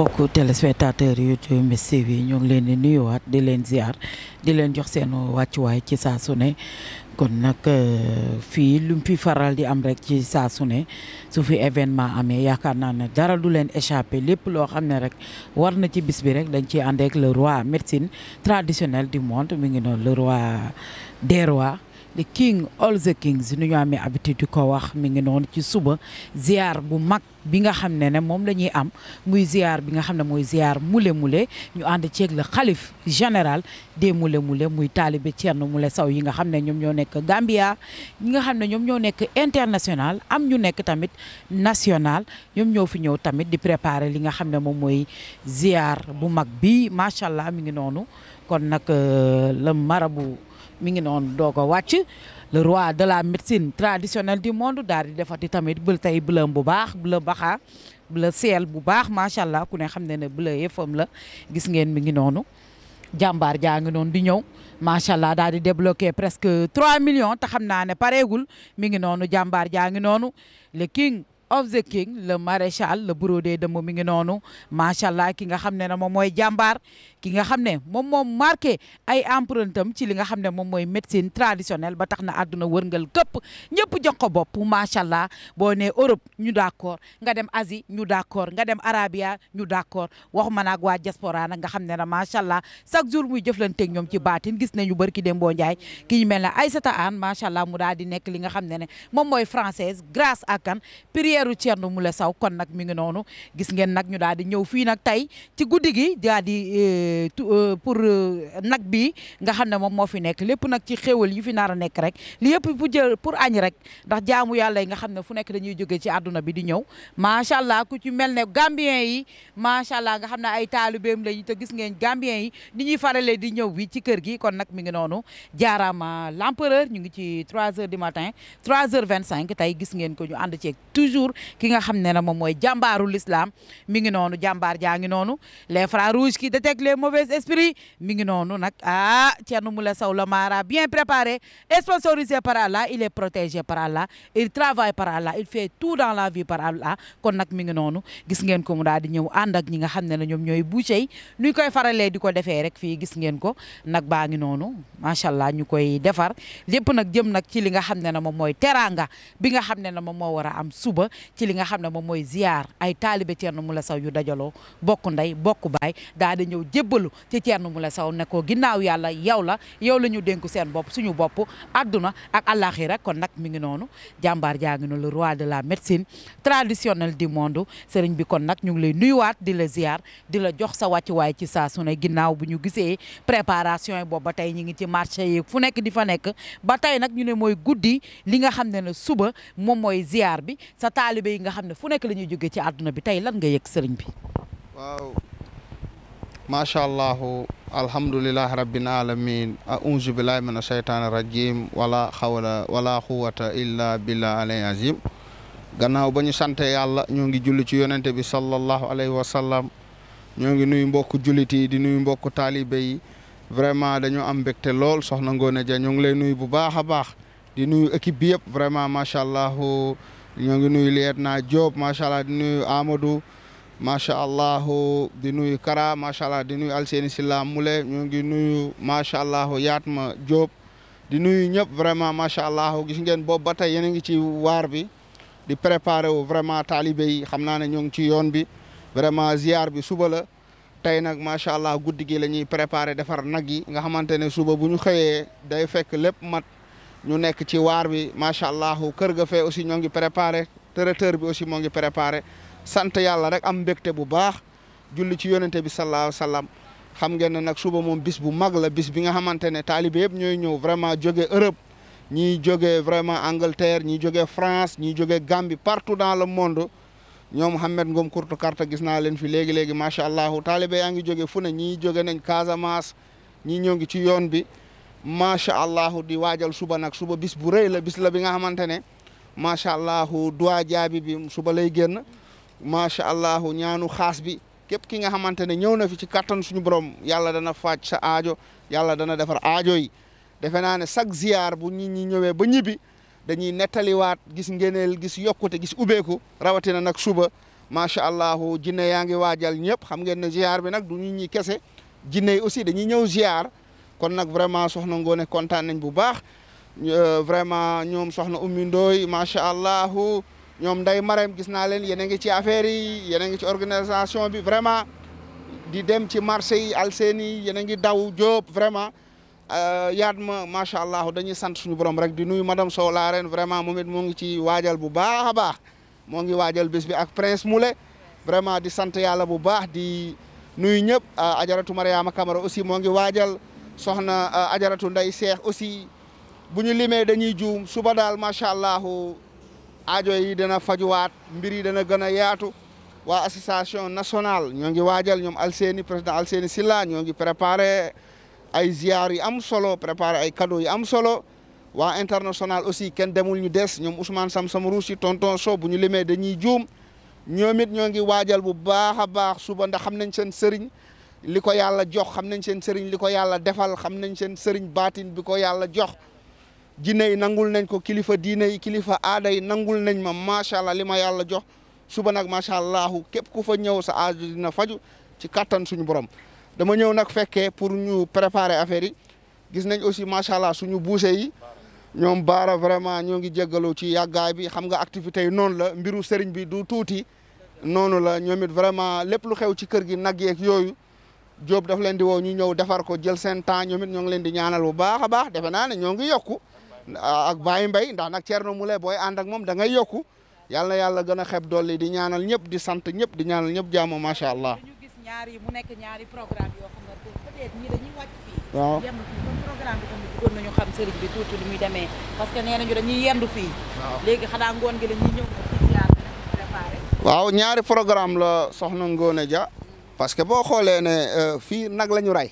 mbokku téléspectateur YouTube Mbiss TV yi ñu leen di nuyuwaat di leen ziar di leen jox seen wàccuwaay ci saa su ne kon nag euh, fii lu mu fi faral di am rek ci saa su su fi événement amee yaakaar naa ne dara du leen échappé lépp loo xam ne rek war na ci bis bi rek dañ ci ànd ak le roi médecine traditionnelle du monde mi ngi noonu le roi des rois. the king all the kings nu ñu amee habitude di ko wax mi ngi noonu ci suba ziar bu mag bi nga xam ne ne moom la ñuy am muy ziar bi nga xam ne mooy ziar Moule Moule ñu ànd ceeg la xalif général des mule Moule muy taalibe Thierno Moule saw yi nga xam ne ñoom ñoo nekk Gambia ñi nga xam ne ñoom ñoo nekk international am ñu nekk tamit national ñoom ñoo fi ñëw tamit di préparer li nga xam ne moom mooy ziar bu mag bi macha allah mi ngi noonu kon nag euh, la marabu. mi ngi noonu doog a wàcc le roi de la médecine traditionnelle du monde daal di defati tamit bul tey bëlam bu baax bula baxaa bëla seel bu baax macha allah ku ne xam ne ne bëla yëfam la gis ngeen mi ngi noonu jàmbaar jaa ngi noonu di ñëw macha allah daal di débloqué presque 3 millions te xam naa ne pareegul mi ngi noonu jàmbaar jaa ngi noonu le of the king le maréchal le brodé de moom mi ngi noonu macha allah ki nga xam ne ne moom mooy jàmbaar ki nga xam ne moom moom marqué ay empreinte am ci li nga xam ne moom mooy médecine traditionnelle ba tax na àdduna wërngal këpp ñëpp jox ko bopp macha allah boo nee Europe ñu d'accord nga dem Asie ñu d'accord nga dem Arabia ñu d'accord waxuma naag waa diaspora nag nga xam ne ne macha allah chaque jour muy jëflanteeg ñoom ci baatin gis ñu barki dem boo Ndiaye ki ñu mel ne Aïssata Anne macha allah mu daal di nekk li nga xam ne ne moom mooy française grâce à kan teeru Thierno Moule saw kon nag mu ngi noonu gis ngeen nag ñu daal di ñëw fii nag tey ci guddi gi daal di euh, euh, pour euh, nag bi nga xam ne moom moo fi nekk lépp nag ci xéwal yu fi nar a nekk rek li yëpp pour jël pour añ rek ndax jaamu yàlla yi nga xam ne fu nekk dañuy joge ci adduna bi di ñëw macha allah ku ci mel ne Gambien yi macha allah nga xam ne ay taalibeem lañu te gis ngeen Gambien yi ni ñuy faralee di ñëw bi ci kër gi kon nag mi ngi noonu jaaraama l'empereur ñu ngi ci 3 heures du matin 3 heures 25 tey gis ngeen ko ñu ànd ceeg Mansour ki nga xam ne na moom mooy jàmbaaru l'islam mi ngi noonu jàmbaar jaa ngi noonu les frères rouges qui détectent les mauvais esprits mi ngi noonu nag ah Thierno Moule Sow le mara bien préparé sponsorisé par Allah il est protégé par Allah il travaille par Allah il fait tout dans la vie par Allah kon nag mi ngi noonu gis ngeen ko mu daal di ñëw ànd ak ñi nga xam ne ne ñoom ñooy boucher yi nuñ koy faralee di ko defee rek fi gis ngeen ko nag baa ngi noonu macha allah ñu koy defar lépp nag jëm nag ci li nga xam ne moom mooy teranga nga xam ne ne moom moo war a am suba ci li nga xam ne moom mooy ziar ay taalibe Thierno Moule Sow yu dajaloo bokk ndey bokk baay daal di ñëw jébbalu ci Thierno Moule Sow ne ko ginnaaw yàlla yow la yow la ñu dénku seen bopp suñu bopp adduna ak àllaaxira kon nag mi ngi noonu jàmbaar jaa ngi noonu roi de la médecine traditionnelle du monde sëriñ bi kon nag ñu ngi lay nuyuwaat di la ziar di la jox sa wàccuwaay ci saa ne ginnaaw bu ñu gisee préparation yi boobu ba tey ñu ngi ci marché yi fu nekk di fa nekk ba tey nag ñu ne mooy guddi li nga xam ne ne suba moom mooy ziar bi taalibe yi nga xam ne fu nekk la jógee ci àdduna bi tey lan nga yëg bi. waaw macha allah alhamdulilah rabbil alamin aouzu billahi min ashaytaani rajim wala xawla wala quwata illa billah alay azim gannaaw ba ñu sante yàlla ñoo ngi julli ci yonente bi sallallahu alayhi wa sallam ñoo ngi nuyu mbokku jullit yi di nuyu mbokku taalibe yi vraiment dañoo am mbégte lool soxna Ngoone Ja ñoo ngi lay nuyu bu baax a baax di nuyu équipe bi yëpp vraiment macha allah. ñoo ngi nuyu liet na Diop macha allah di nuyu Amadou macha allah di nuyu Kara macha allah di nuyu Alseeni Silla Mule ñoo ngi nuyu macha allah ma Diop di nuyu ñëpp vraiment macha allah gis ngeen boobu ba tey yéen a ngi ci waar bi di préparé wu vraiment taalibe yi xam naa ne ñoo ngi ci yoon bi vraiment ziar bi suba la tey nag macha allah guddi gi la ñuy préparé defar nag yi nga xamante ne suba bu ñu xëyee day fekk lépp mat. ñu nekk ci waar bi macha allah kër ga fee aussi ñoo ngi préparé traiteur bi aussi moo ngi préparé sant yàlla rek am mbégte bu baax julli ci yonente bi sallallahu alayhi wa xam ngeen ne nag suba moom bis bu mag la bis bi nga xamante ne taalibe yëpp ñooy ñëw vraiment joge Europe ñiy jóge vraiment Angleterre ñiy jóge France ñiy jóge Gambie partout dans le monde ñoom Mouhamed Ngom Kurtu Karta gis naa leen fi léegi léegi macha allah taalibe yaa ngi jóge fu ne ñii jóge nañ Casamance ñii ñoo ngi ci yoon bi. macha allah di waajal suba nag suba bis bu rëy la bis la bi nga xamante ne macha allah duwaa jaabi bi suba lay génn macha allah ñaanu xaas bi képp ki nga xamante ne ñëw na fi ci kattan suñu borom yàlla dana faj sa aajo yàlla dana defar aajo yi defe naa ne chaque ziar bu nit ñi ñëwee ba ñibbi dañuy nettaliwaat gis ngeeneel gis yokkute gis ubbeeku rawatina nag suba macha allah jinne yaa ngi waajal ñëpp xam ngeen ne ziar bi nag du nit ñi kese jinne aussi dañuy ñëw ziar. kon nag vraiment soxna Ngoone kontaan nañ bu baax euh, vraiment ñoom soxna Oumy Ndoye macha allah ñoom Ndeye Marème gis naa leen yéen a ngi ci affaire yi yéen a ngi ci organisation bi vraiment di dem ci marché yi alseen yi yéen a ngi daw jóob vraiment euh, yaat ma macha allah dañuy sant suñu borom rek di nuyu madame Sow la reine vraiment moom it ngi ci waajal bu baax baax moo ngi waajal bés bi ak prince Moulé vraiment di sant yàlla bu baax di nuyu ñëpp euh, ajaratu Mariama Camara aussi soxna euh, ajaratu nday seex aussi bu ñu limee dañuy juum suba daal macha allah aajo yi dana fajuwaat mbir yi dana gën a yaatu waa association nationale ñoo ngi waajal ñoom Alseeni président Alseeni Silla ñoo ngi préparé ay ziar yu am solo préparé ay cadeau yu am solo waa international aussi kenn demul ñu des ñoom Ousmane Sam Sam Ruusi tonton So bu ñu limee dañuy juum ñoom it ñoo ngi waajal bu baax a baax suba ndax xam nañ seen sëriñ li ko yàlla jox xam nañ seen sëriñ li ko yàlla defal xam nañ seen sëriñ baatin bi ko yàlla jox jinne yi nangul nañ ko kilifa diine yi kilifa aada yi nangul nañ ma macha allah li ma yàlla jox suba nag macha allahu képp ku fa ñëw sa aaju na faju ci kattan suñu borom dama ñëw nag fekkee pour ñu préparer affaire yi gis nañ aussi macha allah suñu boucher yi ñoom baara vraiment ñoo ngi jéggalu ci yàggaay bi xam nga activité yi noonu la mbiru sëriñ bi du tuuti noonu la ñoom it vraiment lépp lu xew ci kër gi nag yeeg yooyu joob daf leen di woo ñu ñëw defar ko jël seen temps ñoom ngi leen di ñaanal bu baax a baax defe naa ne ñoo ngi yokku ak baay mbay ndax nag mu Moule booy ànd ak moom da ngay yokku yàlla na yàlla gën a xeb dolli di ñaanal ñëpp di sant ñëpp di ñaanal ñëpp jàmm macha allah. ñaari programme waaw la ñaari programme la soxna ngoone ja parce que boo xoolee ne euh, fii nag la ñu rey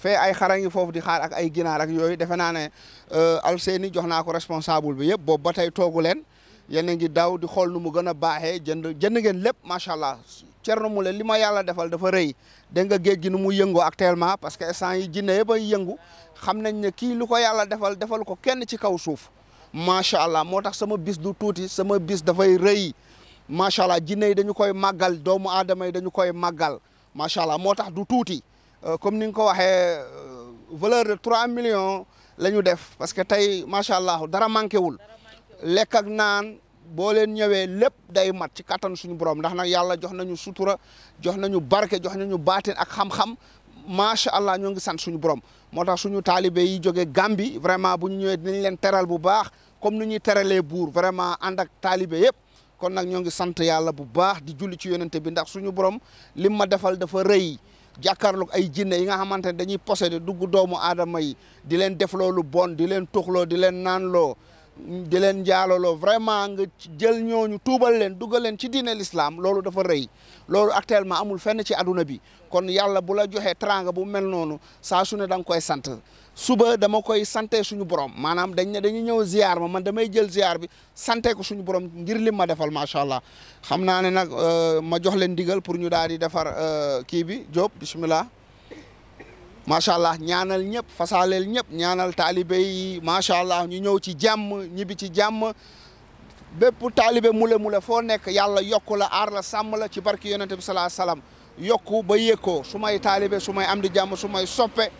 fee ay xara ngi foofu di xaar ak ay ginaar ak yooyu defe naa ne euh, Alseyni jox naa ko responsable bi yëpp boobu ba tey toogu leen yéen a ngi daw di xool nu mu gën a baaxee jënd jënd ngeen lépp macha allah Thierno Moule li ma yàlla defal dafa rëy dégg nga géej gi nu mu yëngoo actuellement parce que instant yi jinne yëpp ay yëngu xam nañ ne kii lu ko yàlla defal defal ko kenn ci kaw suuf macha allah moo tax sama bis du tuuti sama bis dafay rëy macha allah jinne dañu koy màggal doomu aadama yi dañu koy màggal. macha allah moo tax du tuuti euh, comme ni nga ko waxee euh, valeur de trois millions la ñu def parce que tey macha allah dara manqué wul lekk ak naan boo leen ñëwee lépp day mat ci kattan suñu borom ndax nag yàlla jox nañu sutura jox nañu barke jox nañu baatin ak xam-xam macha allah ñoo ngi sant suñu borom moo tax suñu taalibe yi jógee Gàmbi vraiment bu ñu ñëwee dinañ leen teral bu baax comme ni ñuy teralee buur vraiment ànd ak taalibe yëpp. kon nag ñoo ngi sant yàlla bu baax di julli ci yonente bi ndax suñu borom lim ma defal dafa rëy jàkkaarloog ay jinne yi nga xamante ne dañuy possédé dugg doomu aadama yi di leen def loolu bon di leen tuxloo di leen naan loo di leen njaaloloo vraiment nga jël ñooñu tuubal leen dugal leen ci diine l'islam loolu dafa rëy loolu actuellement amul fenn ci aduna bi kon yàlla bu la joxee teranga bu mel noonu saa su ne da koy sant suba dama koy sante suñu borom maanaam dañ ne dañu ñëw ziar ma man damay jël ziar bi sante ko suñu borom ngir lim ma defal macha allah xam naa ne nag euh, ma jox leen digal pour ñu daal di defar euh, kii bi Diop bismillah macha allah ñaanal ñëpp fasaaleel ñëpp ñaanal taalibe yi macha allah ñu ñëw ci jàmm ñibbi ci jàmm bépp taalibe mule mule foo nekk yàlla yokku la aar la sàmm la ci barki yonente bi salaa salaam yokk ba yëg su may taalibe su may am di jàmm su may soppe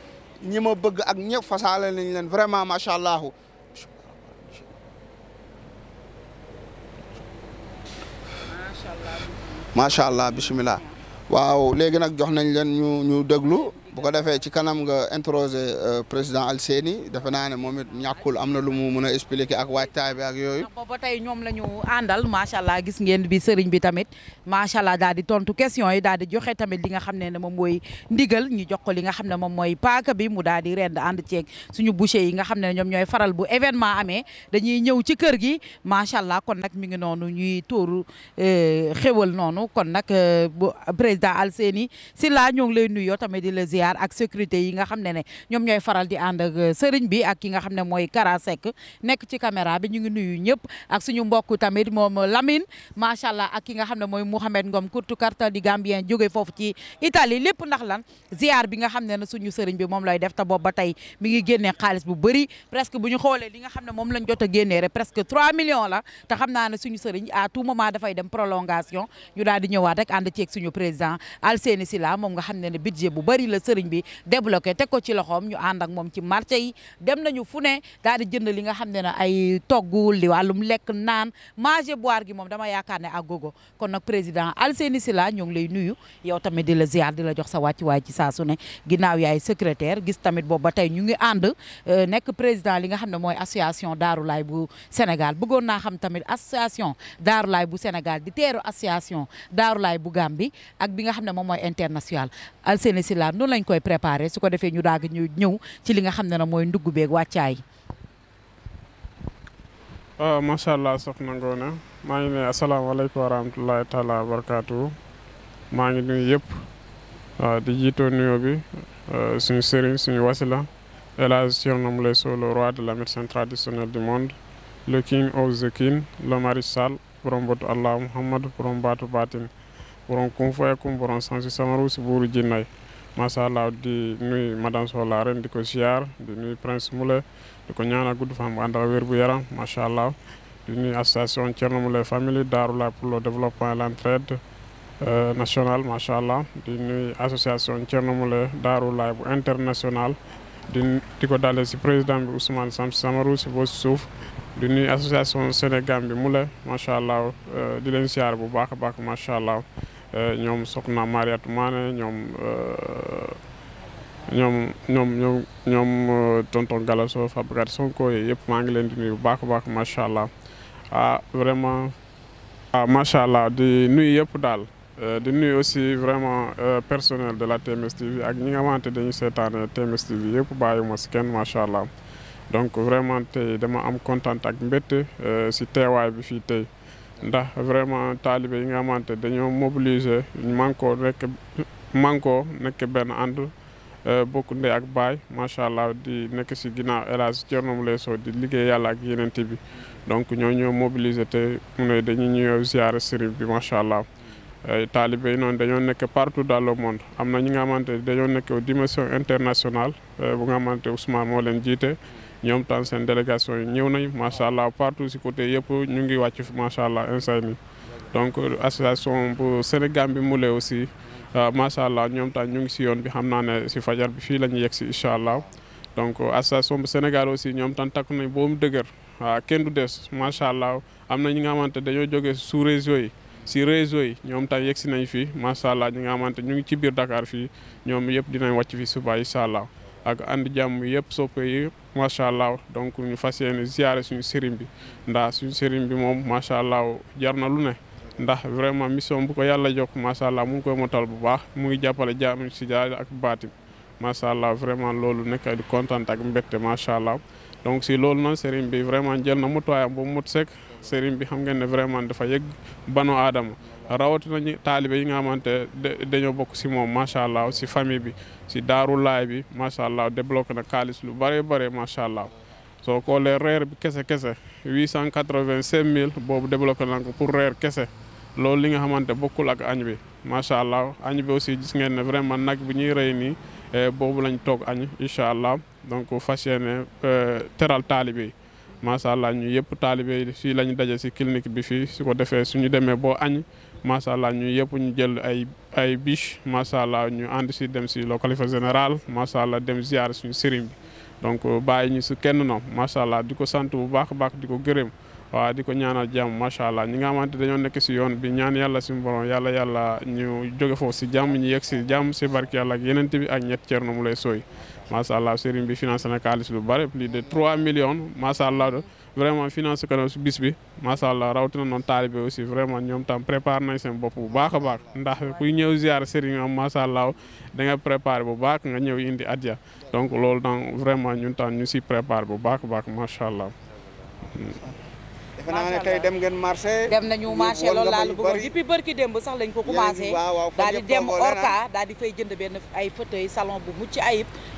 ñi ma bëgg ak ñëpp fasaale nañ leen vraiment macha allah. macha allah bisimilah waaw léegi nag jox nañ leen ñu ñu déglu. bu ko defee ci kanam nga interroger euh, président Alseni defe naa ne moom it ñàkkul am na lu mu mën a expliquer ak waajtaay bi ak yooyu. booba tey ñoom la ñu àndal macha allah gis ngeen bi sëriñ bi tamit macha allah daal di tontu question yi daal di joxe tamit li nga xam ne ne moom mooy ndigal ñu jox ko li nga xam ne moom mooy paaka bi mu daal di rend ànd ceeg suñu boucher yi nga xam ne ñoom ñooy faral bu événement amee dañuy ñëw ci kër gi macha allah kon nag mi ngi noonu ñuy tóoru euh, xéwal noonu kon nag euh, président Alseni si laa ñoo ziar ak sécurité yi nga xam ne ne ñoom ñooy faral di ànd ak euh, sëriñ bi ak ki nga xam ne mooy Kara Seck nekk ci caméra bi ñu ngi nuyu ñëpp ak suñu mbokk tamit moom Lamine macha allah ak ki nga xam ne mooy Mouhamed Ngom kurtu karta di Gambien jóge foofu ci Italie lépp ndax lan ziar bi nga xam ne ne suñu sëriñ bi moom lay def te boobu ba tey mi ngi génnee xaalis bu bëri presque bu ñu xoolee li nga xam ne moom lañ jot a génnee rek presque millions la te xam naa ne suñu sëriñ à tout moment dafay dem prolongation ñu daal di ñëwaat rek ànd sëriñ bi débloqué teg ko ci loxoom ñu ànd ak moom ci marché yi dem nañu fu ne daal jënd li nga xam ne ne ay toggul li wàllum lekk naan manger boire gi moom dama yaakaar ne ak kon nag président Alseyni Sylla ñu ngi lay nuyu yow tamit di la ziar di la jox sa wàccuwaay ci saa su ne ginnaaw yaay secrétaire gis tamit boobu ba tey ñu ngi ànd euh, nekk président li nga xam ne mooy association Daaru Laay bu Sénégal bëggoon naa xam tamit association Daaru bu Sénégal di teeru association Daaru Laay bu Gambie ak bi nga xam ne moom mooy international lañ koy préparer su ko defee ñu daag ñu ñëw ci li nga xam ne na mooy ndugg beeg wàccaay. waaw ah, macha allah soxna Ngoné maa ngi ne asalaamaaleykum wa rahmatulahi taala wa barakaatu maa ngi nuyu yëpp ah, di jiitoo nuyoo bi ah, suñu wasila El Hadj surnomme le Sow roi de la médecine traditionnelle du monde le king of the king le maréchal borom allah muhammad borom baatu baatin borom kum fayakum borom sansi samaru si buuru jinnay macha allah di nuy madame Sow la reine di ko ziar di nuy prince Moulé di ko ñaanal gudd fan bu ànd ak wér bu yaram macha allah di nuy association Thierno Moulé Family Darou la pour le développement et l'entraide euh, nationale macha allah di nuy association Thierno bu international di di ko dalee si président bi Ousmane Sam Samarou si boosi suuf di nuy association Sénégal bi Moulé macha allah euh, di leen ziar bu baax a baax macha allah. Euh, ñoom soxna Mariatu Maane euh, ñoom ñoom ñoom ñoom ñoom euh, tonton Galasso Fabacar Sonko yëpp maa ngi leen di nuyu bu baax a baax macha allah ah vraiment a ah, macha allah di nuyu yëpp daal di nuyu aussi vraiment personel de la TMS TV ak ñi nga xamante dañu seetaane TMS TV yëpp bàyyi ma si kenn macha allah donc vraiment tey dama am kontaan ak mbégte si teewaay bi fii tey. ndax vraiment taalibe yi nga xamante dañoo mobiliser mànkoo nekk mànkoo nekk benn ànd euh, bokk ndey ak baay macha allah di nekk si ginnaaw El Hadj Thierno Moule Sow di liggéey yàlla ak yeneen bi donc ñoo ñoo mobiliser te mu ne dañuy ñëw ziare sëriñ bi macha allah. Euh, taalibe yi noonu dañoo nekk partout dans le monde am na ñi nga xamante dañoo nekk dimension internationale euh, bu nga xamante Ousmane moo leen jiite. ñoom tam seen délégation yi ñëw nañ macha allah partout si côté yëpp ñu ngi wàcc macha allah instant ni donc association bu Sénégal bi mu lee aussi euh, macha allah ñoom tam ñu ngi si yoon bi xam naa ne si fajar bi fii la ñu yegg si incha allah donc association bu Sénégal aussi ñoom tam takku nañ boobu dëgër waaw kenn du des macha allah am na ñi nga xamante dañoo jógee sous région yi. si réseau yi ñoom tam yegg si nañ fi macha allah ñi nga xamante ñu ngi ci biir Dakar fi ñoom yëpp dinañ wàcc fi suba incha allah ak ànd jàmm yëpp soppe yi macha allah donc ñu fas yéene ziare suñu sëriñ bi ndax suñu sëriñ bi moom macha allah jar na lu ne ndax vraiment mission bu ko yàlla jokk macha allah mu ngi koy motal bu baax mu ngi jàppale jaam si jaay ak baatim macha allah vraiment loolu nekk di kontaan ak mbégte macha allah. donc si loolu noonu sëriñ bi vraiment jël na mutuwaayam ba mu mut sekk sëriñ bi xam ngeen ne vraiment dafa yëg banu aadama rawatina ñu taalibe yi nga xamante dañoo bokk si moom macha allah si famille bi si daarulaay bi macha allah débloqué na xaalis lu bëree bëri macha allah. soo xoolee reer bi kese kese huit cent quatre-vingt-cinq mille boobu débloqué na ko pour reer kese loolu li nga xamante bokkul ak añ bi macha allah añ bi aussi gis ngeen ne vraiment nag bi ñuy rey nii eh, boobu lañ toog añ incha allah. donc fas yéene euh, teral taalibe yi macha allah ñu yëpp taalibe yi fii la ñu daje si clinique bi fii su ko defee su ñu demee boo añ macha allah ñu yëpp ñu jël ay ay biche macha allah ñu ànd si dem si le général macha allah dem ziar suñu sëriñ bi donc euh, bàyyi ñu si kenn noom macha allah di ko sant bu baax a baax di ko gërëm waaw di ko ñaanal jàmm macha allah ñi nga xamante ñoo nekk si yoon bi ñaan yàlla si borom yàlla yàlla ñu jóge foofu si jàmm ñu yegg si jàmm si barke yàlla ak yeneen bi ak ñett Thierno Moule Soye macha allah sëriñ bi financé na xaalis lu bare plus de 3 millions macha allah vraiment financé ko bis bi macha allah rawatina noonu taalibe aussi vraiment ñoom tam préparé nañ seen bopp bu baax a baax ndax kuy ñëw ziar sëriñ am macha allah da nga bu baax nga ñëw indi adja donc loolu donc vraiment ñu tam ñu si préparé bu baax a baax macha allah. defe naa ne tey dem ngeen marché. dem nañu marché loolu laa la bëggoon depuis barki démb sax lañ ko commencé. Ah. daal di dem Orca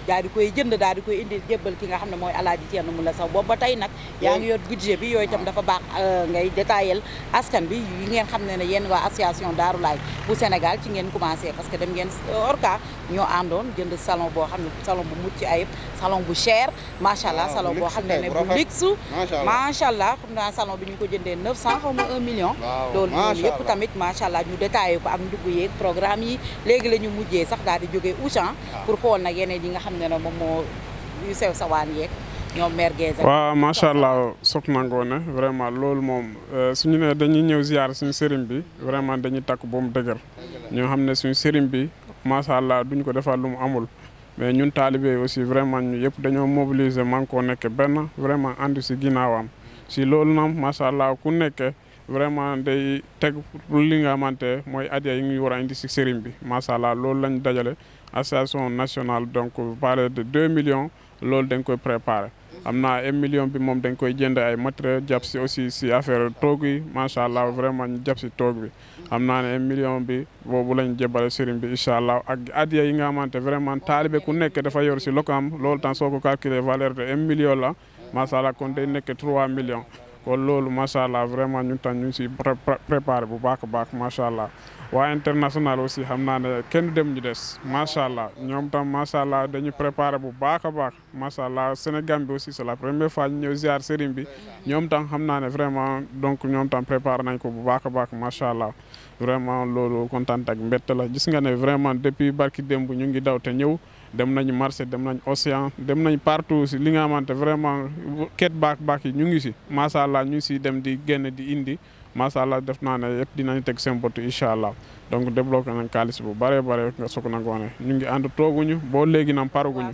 daal di koy jënd daal di koy indi jébbal ki nga xam ne mooy alaaji Thierno Moule Sow boobu ba tey nag yaa ngi yor budget bi yooyu itam dafa euh, bi yi ngeen xam ne ne yéen waa association Daaru Laay bu Sénégal ci ngeen commencé parce que dem ngeen euh, orca ñoo àndoon jënd salon boo xam ne salon bu mucc ayib salon bu cher macha allah salon boo xam ne ne bu luxe macha allah xam naa salon bi ñu ko jëndee 900 xaw ma 1 million loolu loolu yëpp tamit macha allah ñu détaillé ko ak ndugg yeeg programme yi léegi la ñu mujjee sax daal di jógee Auchan pour xool nag yeneen yi nga xam xam ne ne moom moo yu sew sawaan yeeg ñoom waaw macha allah soxna Ngoné vraiment loolu moom euh, suñu ne dañuy ñëw ziar suñu sëriñ bi vraiment dañuy takk ba mu dëgër ñoo xam ne suñu sëriñ bi macha allah duñ ko defal lu mu amul mais ñun taalibe aussi vraiment ñu yëpp dañoo mobiliser man koo nekk benn vraiment ànd si ginnaawam si loolu nag macha allah ku nekk vraiment day teg li nga xamante mooy adiya yi ñu war a indi si sëriñ bi macha allah loolu lañ dajale association nationale donc parler de deux millions loolu dañ koy préparer am naa un million bi moom dañ koy jënd ay matériel jàpp si aussi si affaire toog yi macha allah vraiment ñu si toog bi am naa ne un million bi boobu lañ jébale sëriñ bi incha allah ak adiya yi nga xamante vraiment taalibe ku nekk dafa yor si lokam loolu tam soo ko calculer valeur de un million la macha allah kon day nekk trois millions ko loolu macha allah vraiment ñun tam ñu ngi si préparé bu baax a baax macha allah waa international aussi xam naa ne kenn dem ñu des macha allah ñoom tam macha allah dañu préparé bu baax a baax macha allah Sénégal bi aussi c'est la première fois ñu ñëw ziar sëriñ bi ñoom tam xam naa ne vraiment donc ñoom tam préparé nañ ko bu baax a baax macha allah vraiment loolu kontaan ak mbett la gis nga ne vraiment depuis barki démb ñu ngi daw te ñëw dem nañ marché dem nañ océan dem nañ partout si li nga xamante vraiment ket baak baak yi ñu ngi si macha allah ñu ngi si dem di génn di indi. macha allah def naa ne yëpp dinañ teg seen bët incha allah donc débloqué nañ xaalis bu bare bare nga soog na ngoone ñu ngi ànd tooguñu boo léegi nam paraguñu.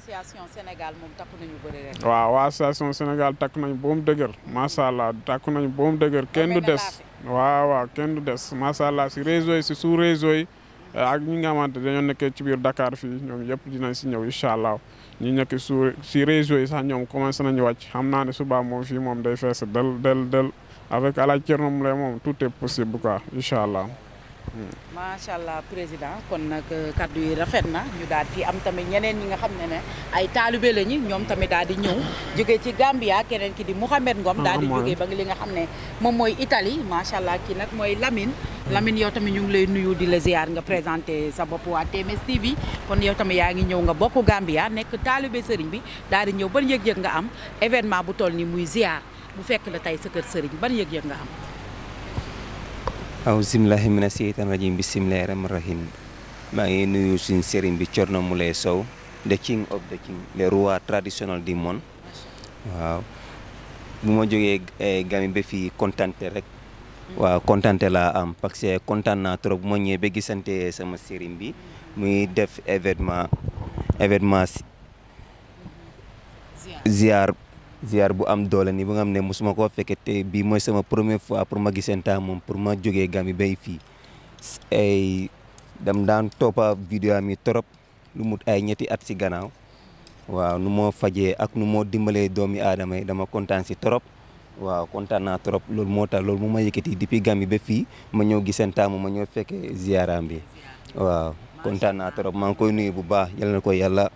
waaw waa association Sénégal takk nañ boom dëgër macha allah takk nañ boom dëgër kenn du des. waaw waaw du des macha allah si réseau si suu réseau yi eh, ak ñi nga xamante dañoo nekkee ci biir Dakar fii ñoom yëpp dinañ si ñëw incha allah ñu nekk sous si réseau yi sax ñoom commencé nañu wàcc xam naa ne suba moom fii moom day fees del del avec Alaaji Thierno Moule moom tout est possible quoi incha allah. Hmm. macha allah président kon nag euh, kaddu yi rafet na ñu daal di am tamit ñeneen ñi nga xam ne ne ay taalibe lañu ñoom tamit daal di ñëw jóge ci Gambia keneen ki di Mouhamed Ngom. daal di ah, jóge ba li nga xam ne moom mooy Italie macha allah kii nag mooy Lamine. Hmm. Lamine yow tamit ñu ngi lay nuyu di la ziar nga présenté sa bopp waa TMS TV kon yow tamit yaa ngi ñëw nga bokk Gambia nekk taalibe sëriñ bi daal di ñëw ban yëg-yëg nga am événement bu toll nii muy ziar. bu fekk la tey sa kër sëriñ ban yëg-yëg nga am awsimlahi mina seytaan rajim bisimilahi rahman rahim maa ngi nuyu suñ sëriñ bi Thierno Moule Sow the king of the king le roi traditionnel du monde bu ma jógee eh, Gambie ba fii kontante rek mm. waaw kontante la am parce que kontaan na trop bu ma ñëwee ba gisante sama sëriñ bi muy def événement événement ziar ziar bu am doole ni ba nga xam ne mosuma koo fekkee te bii mooy sama première fois pour ma giseen temps moom pour ma jógee Gambie bay fii ay dam daan toppa vidéo am yi trop lu mut ay ñetti at si gannaaw waaw nu moo fajee ak nu moo dimbalee doomi aadama yi dama kontaan si trop waaw kontaan naa trop loolu moo tax loolu moo ma yëkkati depuis Gambie ba fii ma ñëw giseen temps moom ma ñëw fekkee ziaram bi waaw kontaan naa trop maa ngi koy nuyu bu baax yal na ko yàlla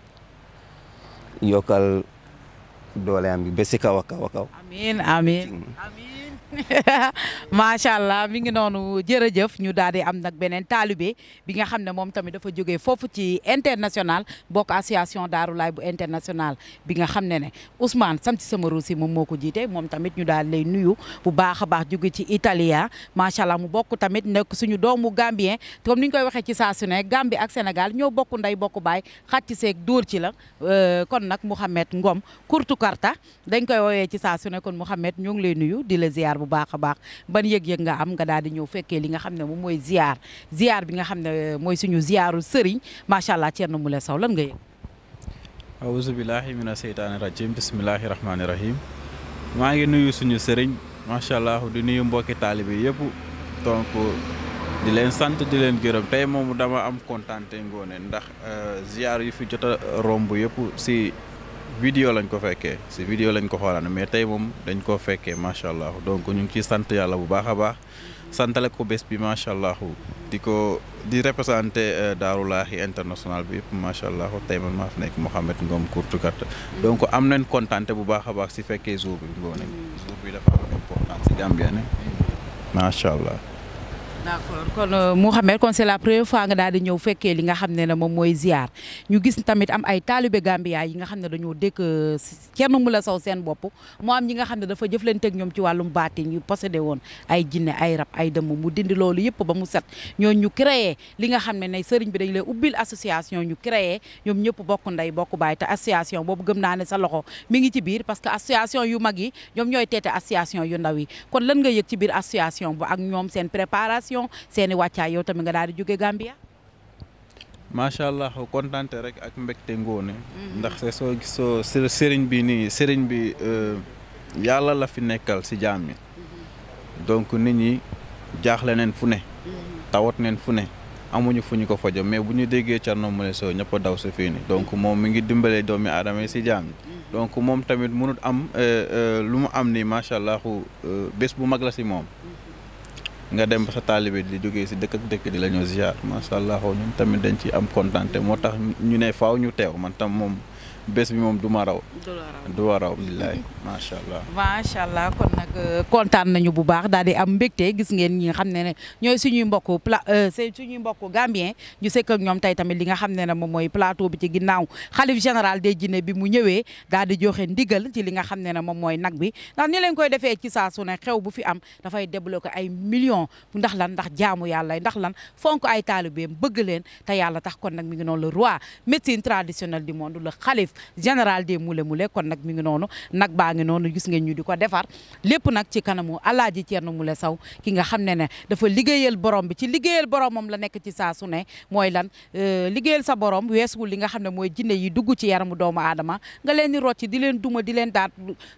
yokkal dooleem bi ba si amiin amiin. macha allah mi ngi noonu jërëjëf ñu daal di am nag beneen talibe bi nga xam ne moom tamit dafa jógee foofu ci international bokk association Daaru Laay bu international bi nga xam ne ne Ousmane Samti Samaru si moom moo ko jiite moom tamit ñu daal lay nuyu bu baax a baax jóge ci Italia macha allah mu bokk tamit nekk suñu doomu Gambien comme ni ñu koy waxee ci saa su ne Gambie ak Sénégal ñoo bokk nday bokk baay xàcc seek door ci la euh, kon nag Mouhamed Ngom kurtu karta dañ koy woowee ci saa su ne kon Mouhamed ñu ngi lay nuyu di la ziar bu baax a baax ban yëg-yëg nga am nga daal di ñëw fekkee li nga xam ne moom mooy ziar ziar bi nga xam ne mooy suñu ziaru sëriñ macha allah Thierno Moule Sow lan nga yëg aousubillahi mina seytaani rajim bisimilahi rahmaani rahim maa ngi nuyu suñu sëriñ macha allah di nuyu mbokki taalibe yëpp donc di leen sant di leen gërëm tey moom dama am kontaan te ngoone ndax euh, ziar yu fi jot a romb yëpp si vidéo lañ ko fekkee si vidéo lañ ko xoolaan mais tey moom dañ koo fekkee macha allah donc ñu ngi ciy sant yàlla bu baax a baax santale ko bés bi macha allah di ko di représenté euh, Daaru Laahi international bi yëpp macha allah tey moom maa fi nekk Mouhamed Ngom kurtukat donc am nañ kontaan bu baax a baax si fekkee jour bi ngoo nañ jour bi dafa am importance si Gambien macha allah. d'accord kon euh, Mouhamed kon c'est la première fois nga daal di ñëw fekkee li nga xam ne ne moom mooy ziar ñu gis tamit am ay taalibe Gambia yi nga xam ne dañoo dëkk kenn euh, mu la saw seen bopp mu am ñi nga xam ne dafa jëflanteeg ñoom ci wàllum baatin ñu possédé woon ay jinne ay rab ay dëmm mu dindi loolu yëpp ba mu set ñoo ñu créer li nga xam ne ne sëriñ bi dañ lay ubbil association ñu créé ñoom ñëpp bokk ndey bokk baay te association boobu gëm naa ne sa loxo mi ngi ci biir parce que association yu mag yi ñoom ñooy teete association yu ndaw yi biir association bu ak félicitations seeni wàccaay yow tamit nga daal di jóge Gambia. macha allah kontaante rek ak mbégte ngóone mm-hmm. ndax se soo soo sëriñ bi nii sëriñ bi euh, yàlla la fi nekkal si jaam yi mm-hmm. donc nit ñi jaaxle neen fu ne mm-hmm. tawat neen fu ne amuñu fu ñu ko fajo mais bu ñu déggee Thierno Moule Sow ñëpp daw si fii donc moom mi ngi dimbalee doomi aadama yi si jaam yi donc moom tamit mënut am euh, euh, lu mu am nii macha allah bés bu mag la si moom nga dem sa taalibe di jógee si dëkk ak dëkk di la ñoo ziar macha ñun tamit dañ ci am kontaan moo tax ñu ne faw ñu teew man tam moom. bés bi moom du ma raw. du ma raw billaay macha allah. macha allah kon nag euh, kontaan nañu bu baax daal di am mbégte gis ngeen ñi nga xam ne ne ñooy suñuy mbokku pla euh, suñuy mbokku gambien ñu sekk ak ñoom tey tamit li nga xam ne ne moom mooy plateau bi ci ginnaaw xalif général de jinne bi mu ñëwee daal di joxe ndigal ci li nga xam ne ne moom mooy nag bi ndax ni leen koy defee ci saa su xew bu fi am dafay débloqué ay millions ndax lan ndax jaamu yàlla ndax lan fonk ay taalibeem bëgg leen te yàlla tax kon nag mi ngi noonu le roi médecine traditionnelle général des Moule Moule kon nag mi nag baa ngi noonu gis ngeen ñu di ko defar lépp nag ci kanamu Alaaji Thierno Moule Sow ki nga xam ne ne dafa liggéeyal borom bi ci liggéeyal la nekk ci saa su ne lan euh, liggéeyal sa borom weesuwul li nga xam ne mooy jinne yi dugg ci yaramu doomu aadama nga leen di rocci di leen duma di leen daat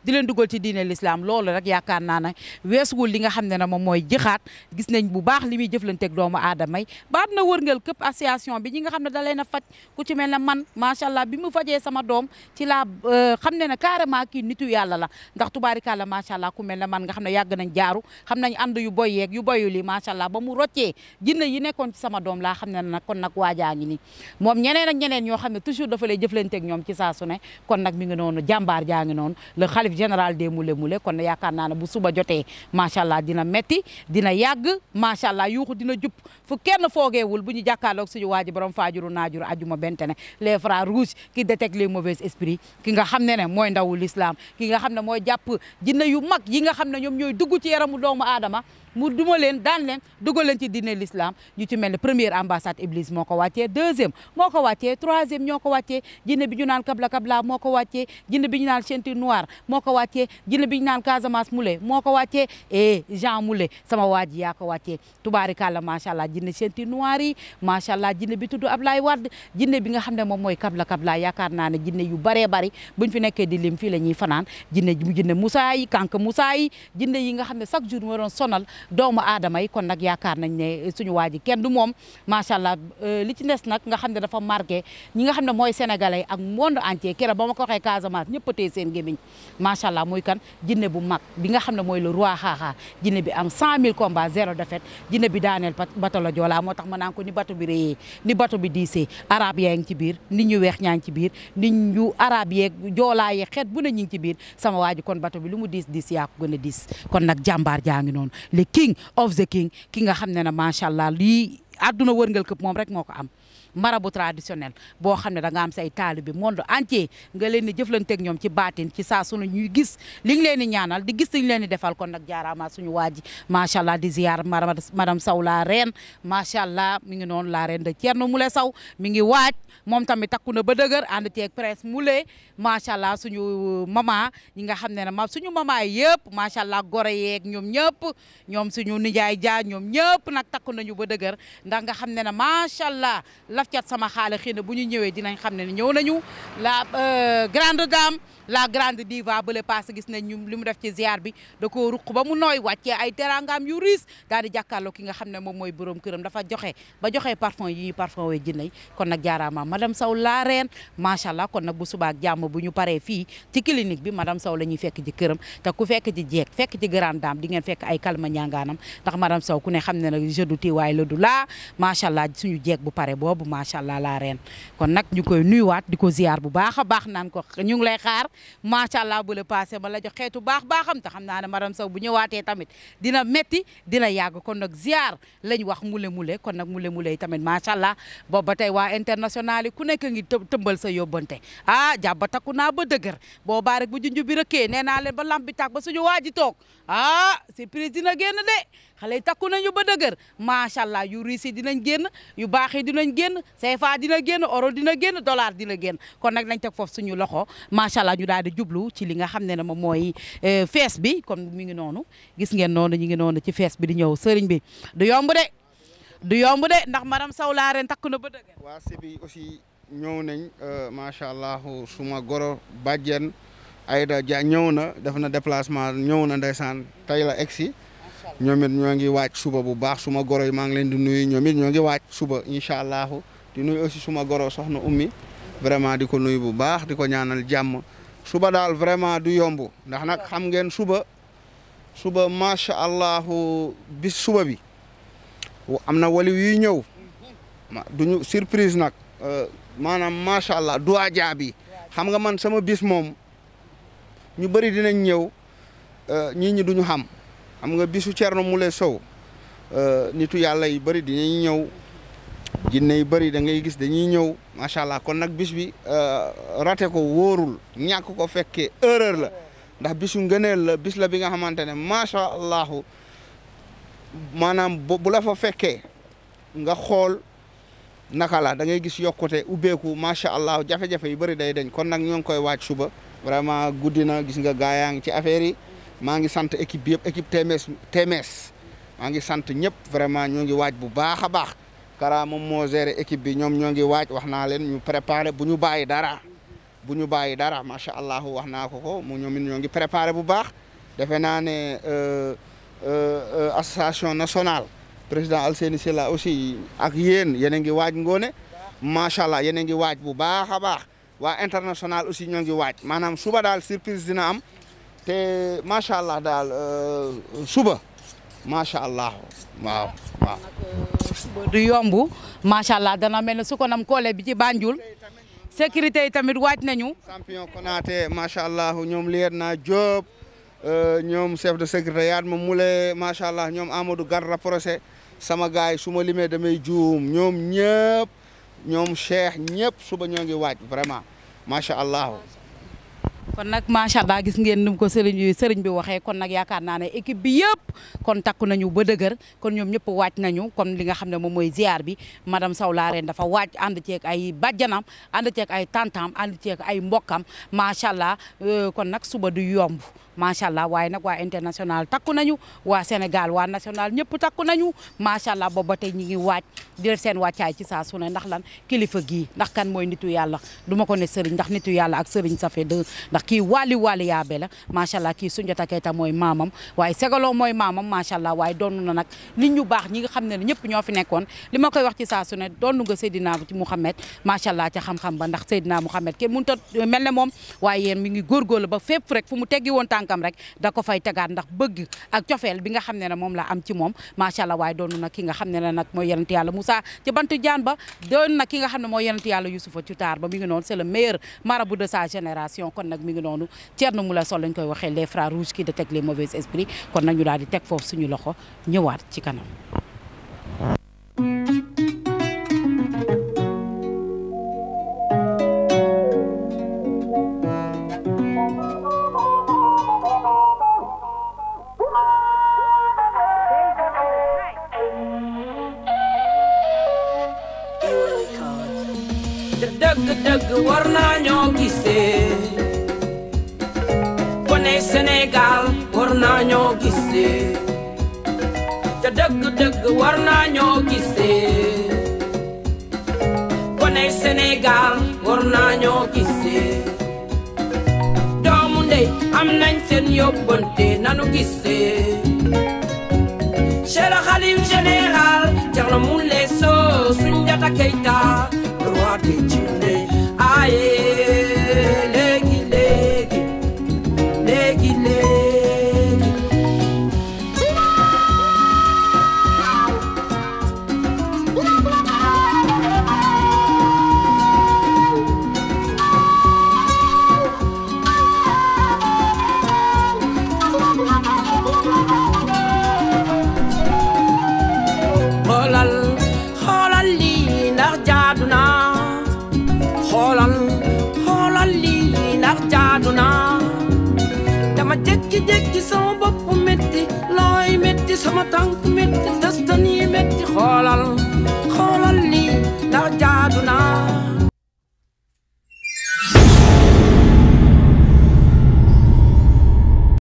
di leen dugal ci diine l'islam loolu rek yaakaar naa ne weesuwul li nga xam ne ne moom mooy jixaat gis nañ bu baax li muy jëflanteeg doomu aadama yi baat na këpp association bi ñi nga xam ne da leen a faj ku ci mel ne man macha allah bi mu fajee sama doom ci laa euh, xam ne ne carrément kii nitu yalla la ndax tubaarikàlla macha allah ku mel na man nga xam ne yàgg nañ jaaru xam nañ ànd yu boy yeeg yu boyu li macha allah ba mu roccee jinne yi nekkoon ci sama doom laa xam ne nag kon nag waajaa ngi nii moom ñeneen ak ñeneen ñoo xam ne toujours dafa lay jëflanteeg ñoom ci saa su kon nag mi ngi noonu jàmbaar jaa ngi noonu le xalif général des Moule Moule kon yaakaar naa ne bu suba jotee macha allah dina metti dina yàgg macha allah yuuxu dina jub fu kenn foogeewul bu ñu jàkkaarloog suñu waa ji borom faajuru naajuru ajuma bente ne les frères rouges qui détectent les mauvais esprits ki nga xam ne ne mooy ndawu l'islam ki nga xam ne mooy jàpp jinne yu mag yi nga xam ne ñoom ñooy dugg ci yaramu doomu aadama mu duma leen daan leen dugal leen ci diine l'islam ñu ci mel ne première ambassade Iblis moo ko wàccee deuxième moo ko wàccee troisième ñoo ko wàccee jinne bi ñu naan kabla kabla moo ko wàccee jinne bi ñu naan ceinture noire moo ko wàccee jinne bi ñu naan Casamance moo ko wàccee et Jean sama waa ji yaa ko wàccee tubaarikàlla macha allah jinne ceinture noire yi macha allah jinne bi tudd Ablaye Wade jinne bi nga xam ne moom mooy kabla kabla yaakaar naa ne jinne yu baree bari buñ fi nekkee di lim fii la ñuy fanaan jinne mu jinne Moussa yi kànk Moussa yi jinne yi nga xam ne chaque jour moo doon sonal doomu aadama yi kon nag yaakaar nañ ne suñu waa ji kenn du moom macha allah euh, li ci des nag nga xam ne dafa marqué ñi nga xam ne mooy sénégalais ak monde entier keroog ba ma ko waxee Casamance ñëpp a seen gémiñ macha allah muy kan jinne bu mag bi nga xam ne mooy le roi xaaxaa jinne bi am 100000 combats zéro défaite jinne bi daaneel bato la Joola moo tax ma naan ko ni bato bi réyee ni bato bi diisee arab yaa ngi ci biir nit ñu weex ñaa ngi ci biir nit ñu arab yeeg joolaa ye xeet bu ne ñu ngi ci biir sama waa kon bato bi lu mu diis diis yaa a diis kon nag jàmbaar jaa ngi noonu king of the king ki nga xam ne ne macha allah lii àdduna wërngal këpp moom rek moo ko am mara bu traditionnel boo xam ne da nga am say taalibe monde entier nga leen di jëflanteeg ñoom ci baatin ci saa sunu ñuy gis li nga leen di ñaanal di gis li leen ni defal kon nag jaaraama suñu waa ji macha allah di ziar madame Sow la reine macha allah mi ngi noonu la reine de Thierno Moule Sow mi ngi waaj moom tamit takku na ba dëgër ànd ceeg presse Moule macha allah suñu mama ñi nga xam ne ne ma suñu mama yëpp macha allah gore yeeg ñoom ñëpp ñoom suñu nijaay jaa ñoom ñëpp nag takku nañu ba dëgër ndax nga xam ne ne macha allah daf cat sama xaale xëy na bu ñu ñëwee dinañ xam ne ñëw nañu la euh, grande dame la grande diva bële paase gis nañ ñu li mu def ci ziar bi da koo ruq ba mu nooy wàccee ay terangaam yu riis daal di jàkkaarloo ki nga xam ne moom mooy borom këram dafa joxe ba joxe parfum yi ñuy parfum wee jinnay kon nag jaaraama madame saw la reine macha allah kon nag bu subaa jàmm bu ñu paree fii ci clinique bi madame Sow la ñuy fekk ci këram te ku fekk ci jeeg fekk ci grande di ngeen fekk ay kalma ñaangaanam ndax madame Sow ku ne xam ne nag jeu du la du laa macha allah suñu jeeg bu pare boobu macha allah la reine kon nag ñu koy nuyuwaat di ko ziar bu baax a baax naan ko ñu ngi lay xaar macha allah bu la passé ma la jox xeetu baax baaxam te xam naa ne madame Sow bu ñëwaatee tamit dina metti dina yàgg kon nag ziar lañ wax mule mule kon nag mule mule yi tamit macha allah boobu ba tey waa international yi ku nekk ngi tëmbal sa yóbbante ah jàpp takku naa ba dëgër boo rek bu junj bi rëkkee nee naa leen ba lamb bi tàkk ba suñu waa ji toog ah surprise dina génn de. xale yi takku nañu ba dëgër macha allah yu riis yi dinañ génn yu baax yi dinañ génn CFA dina génn euro dina génn dollar dina génn kon nag nañ teg foofu suñu loxo macha allah ñu daal di jublu ci li nga xam ne ne moom mooy euh, fees bi kon mi ngi noonu gis ngeen noonu ñu ngi noonu ci fees bi di ñëw sëriñ bi di yomb de du ndax maram saw laa ren na ba dëgër. waa Sébi aussi ñëw nañ euh, macha allah suma goro bàjjen Aïda Dia ñëw na def na déplacement ñëw na ndeysaan tey la egsi ñoom it ñoo ngi waaj suba bu baax suma goro yi maa ngi leen di nuy ñoom it ñoo ngi waaj suba incha allahu di nuyu aussi suma goro soxna ummi vraiment di ko nuyu bu baax di ko ñaanal jàmm suba daal vraiment du yomb ndax nag xam ngeen suba suba macha allahu bis suba bi am na wali yuy ñëw duñu surprise nag euh, maanaam macha allah duwaa jaabi xam nga man sama bis moom ñu bëri dinañ ñëw euh, ñii ñi duñu xam xam nga bisu Thierno Moule Sow euh, nitu yàlla yi bëri dinañ ñëw jinne yu bëri da ngay gis dañuy ñëw macha allah kon nag bis bi euh, raté ko wóorul ñàkk ko fekkee erreur la ndax bis bisu ngëneel la bis la bi nga xamante ne macha allah maanaam bu la fa fekkee nga xool naka la da ngay gis yokkute ubbeeku macha allah jafe-jafe yu bëri day dañ kon nag ñoo ngi koy waaj suba vraiment guddi na gis nga gaayaa ngi ci affaire yi. maa ngi sant équipe bi yëpp équipe TMS TMS maa ngi sant ñëpp vraiment ñoo ngi waaj bu baax a baax Kara moom moo géré équipe bi ñoom ñoo ngi waaj wax naa leen ñu préparé bu ñu bàyyi dara bu ñu bàyyi dara macha allah wax naa ko ko mu ñoom it ñoo ngi préparé bu baax defe naa ne euh, euh, euh, association national président Alseni Sylla aussi ak yéen yéen a ngi waaj ngoone macha allah yéen a ngi waaj bu baax a baax waa international aussi ñoo ngi waaj maanaam suba daal surprise dina am. te macha allah daal euh, suba macha allah waaw du yomb macha allah dana mel ne su ko nam koole bi ci Banjul sécurité yi tamit waaj nañu. champion Konaté macha allah ñoom lier naa Diop euh, ñoom chef de secrétariat moom mu le macha allah ñoom Amadou Garra procès sama gars yi su limee damay juum ñoom ñëpp ñoom Cheikh ñëpp suba ñoo ngi waaj vraiment macha allah. kon nag macha allah gis ngeen ni mu ko sëriñ sëriñ bi waxee kon nag yaakaar naa ne bi yëpp kon takku nañu ba dëgër kon ñoom ñëpp waaj nañu kon li nga xam ne moom mooy ziar bi madame Sow laa dafa waaj ànd ceeg ay bàjjanam ànd ceeg ay tantam ànd ceeg ay mbokkam macha allah euh, kon nag suba du yomb macha allah waaye nag waa international takku nañu waa Sénégal waa national ñëpp takku nañu macha allah boobu ba tey ñu ngi waaj di def seen ci saa su ndax lan kilifa gii ndax kan mooy nitu yàlla du ma ko ne sëriñ ndax nitu yàlla ak sëriñ safe de ndax kii waali waali yaabe la macha allah kii Soundiata Keita mooy maamam waaye segaloo mooy maamam macha allah waaye doon na nag nit ñu baax ñi nga xam ne ñëpp ñoo fi nekkoon li koy wax ci saa su ne doon nga Seydina ci Mouhamed macha allah ba ndax Seydina Mouhamed kenn mënut a mel ne moom waaye ngi góorgóorlu ba fépp rek fu woon tànk kam rek da ko fay tegaat ndax bëgg ak cofeel bi nga xam ne ne moom la am ci moom macha allah waaye doon na ki nga xam ne ne nag mooy yonent yàlla Moussa ci bantu jaan ba doon na ki nga xam ne mooy yonent yàlla Youssoufa ci taar ba mi ngi noonu c'est le meilleur marabout de sa génération kon nag mi ngi noonu Thierno Moule Sow lañ koy waxee les frères rouges qui détectent les mauvais esprits kon nag ñu daal di teg foofu suñu loxo ñëwaat ci kanam gisee ca dëgg-dëgg war naa ñoo gisee koney Sénégal war naa ñoo gisee doomu ndey am nañ seen yóbbante nanu gisee Cheikh Khalif général Thierno Moule Sow Soundiata Keita